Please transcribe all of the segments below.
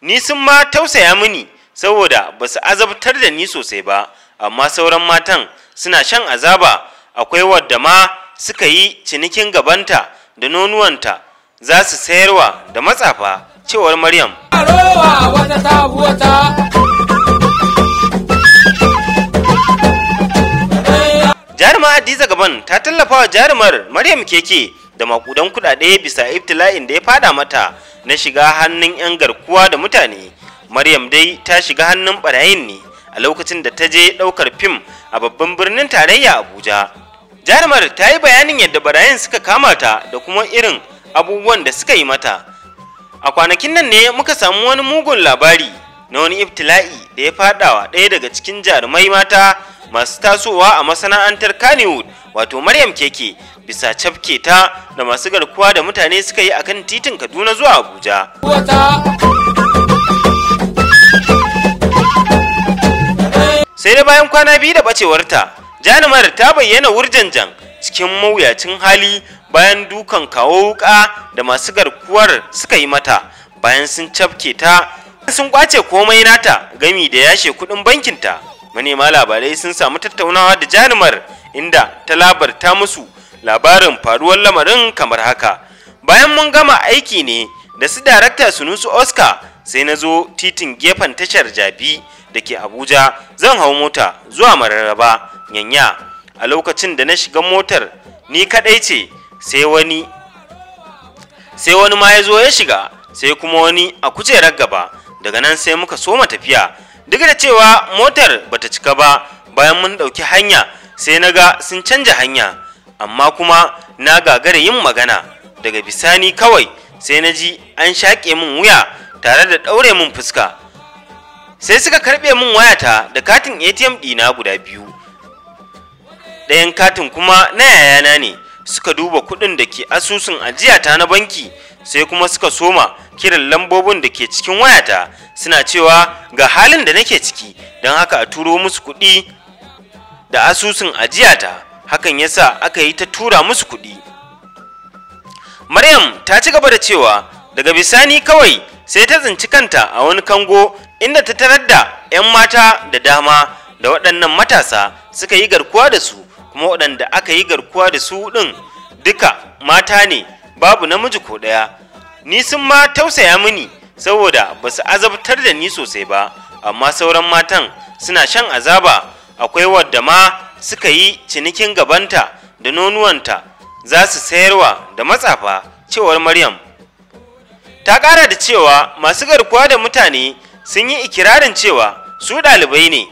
ni sun ma tausaya mini saboda ba su azabtar da ni sosai ba amma sauran matan suna shan azaba akwai wadda ma suka yi cinikin gabanta da nonuwanta za su sayarwa da matsafa cewar maryam eh, Jarumar hadiza gaban ta tallafa wa jarumar maryam keke da makudan kudade bisa ibtila'in da ya fada mata na shiga hannun 'yan garkuwa da mutane maryam dai ta shiga hannun barayin ne a lokacin da ta je ɗaukar fim a babban birnin tarayya abuja jarumar ta yi bayanin yadda barayin suka kama ta da kuma irin abubuwan da suka yi mata a kwanakin nan ne muka samu wani mugun labari na wani ibtila'i da ya fadawa ɗaya daga cikin jarumai mata masu tasowa a masana'antar Kannywood wato Maryam Keke bisa cafke ta da masu garkuwa da mutane suka yi akan titin kaduna zuwa abuja sai da bayan kwana biyu da bacewarta janimar ta bayyana jan cikin mawuyacin hali bayan dukan kawo wuka da masu garkuwar suka yi mata bayan sun cafke ta sun kwace komai nata gami da yashe kudin bankinta manema labarai sun samu tattaunawa da janimar inda ta labarta musu labarin faruwar lamarin kamar haka bayan mun gama aiki ne da su darakta sunusu oscar sai na zo titin gefen tashar jabi da ke abuja zan hau mota zuwa mararraba yanya a lokacin da na shiga motar ni kadai ce sai wani sai wani ma ya zo ya shiga sai kuma wani a kujerar gaba daga nan sai muka soma tafiya duk da cewa motar bata cika ba bayan mun ɗauki hanya sai na ga sun canja hanya amma kuma na gagara yin magana daga bisani kawai sai na ji an shaƙe min wuya tare da ɗaure min fuska sai suka karɓe min wayata da katin atm ɗina guda biyu ɗayan katin kuma na yayana ne suka duba kuɗin da ke asusun ajiyata na banki sai kuma suka soma kiran lambobin da ke cikin wayata suna cewa ga halin da nake ciki don haka a turo musu kuɗi da asusun ajiyata hakan yasa aka yi ta tura musu kuɗi maryam ta ci gaba da cewa daga bisani kawai sai ta tsinci kanta a wani kango inda ta tarar da 'yan mata da dama da waɗannan matasa suka yi garkuwa da su kuma waɗanda aka yi garkuwa da su ɗin duka mata ne babu namiji ko ɗaya ni sun ma tausaya mini saboda ba su azabtar da ni sosai ba amma sauran matan suna shan azaba akwai wadda ma suka yi cinikin gabanta da nonuwanta za su sayarwa da matsafa cewar maryam ta ƙara da cewa masu garkuwa da mutane sun yi ikirarin cewa su ɗalibai ne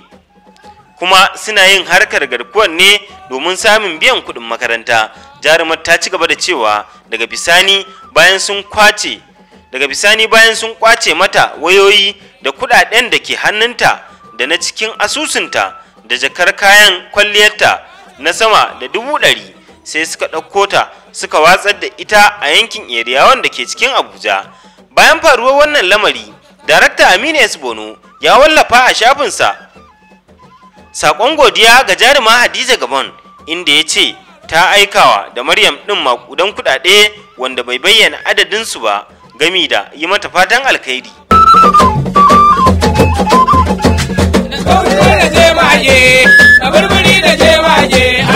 kuma suna yin harkar garkuwan ne domin samun biyan kuɗin makaranta jarumar ta ci gaba da cewa daga bisani bayan sun kwace daga bisani bayan sun kwace mata wayoyi da kuɗaɗen da ke hannunta da na cikin asusunta da jakar kayan kwalliyarta na sama da dubu ɗari sai suka ɗauko ta suka watsar da ita a yankin eriya wanda ke cikin abuja bayan faruwar wannan lamari darakta aminu yasbono bono ya wallafa a shafinsa saƙon godiya ga jaruma hadiza gabon inda ya ce ta aikawa da maryam ɗin maƙudan kuɗaɗe wanda bai bayyana adadinsu ba gami da yi mata fatan alkhairi waje, da burburi da je waje,